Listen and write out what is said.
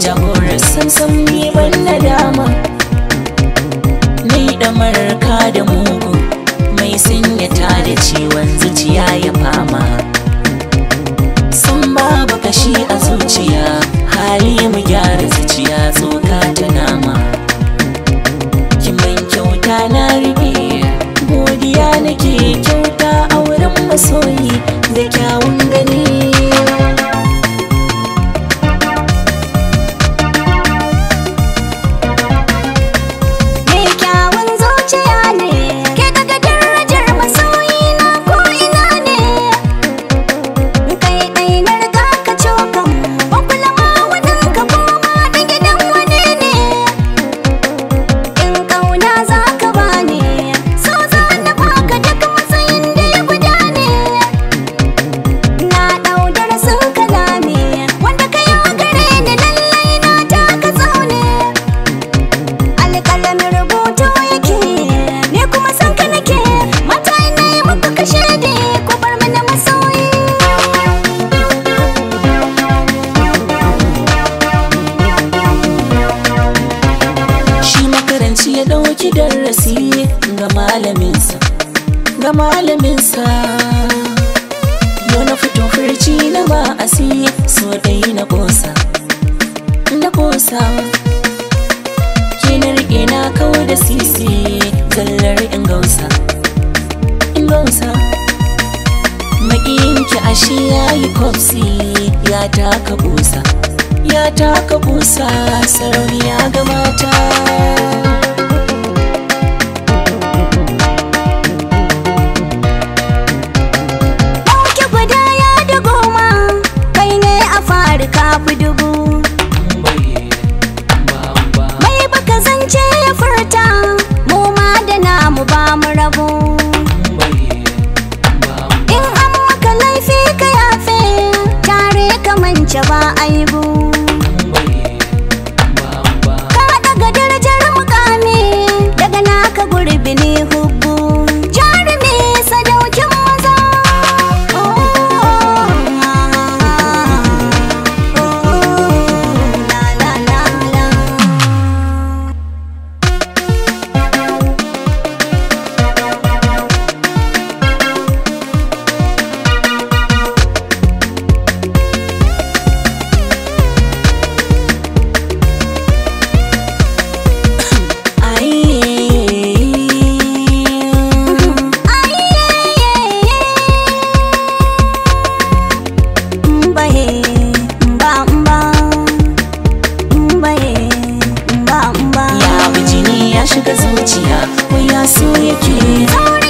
jagorar sansan ban na ban nadama mai ɗamarar ka da mugu mai sinyata da ciwon zuciya ya fama sun babu kashi a zuciya hali mu gyara zuciya ya ɗauki darasi ga malaminsa ga malaminsa yau na fito furci na ba a siye so dai na ƙosa na ƙosa ke na riƙe na kawo da sisi zallar in gausa in gausa maƙiyinki ashe ya yi kwamsi ya taka ƙosa ya taka busa sarauniya ga mata era é bom shiga zuciya wai ya so yake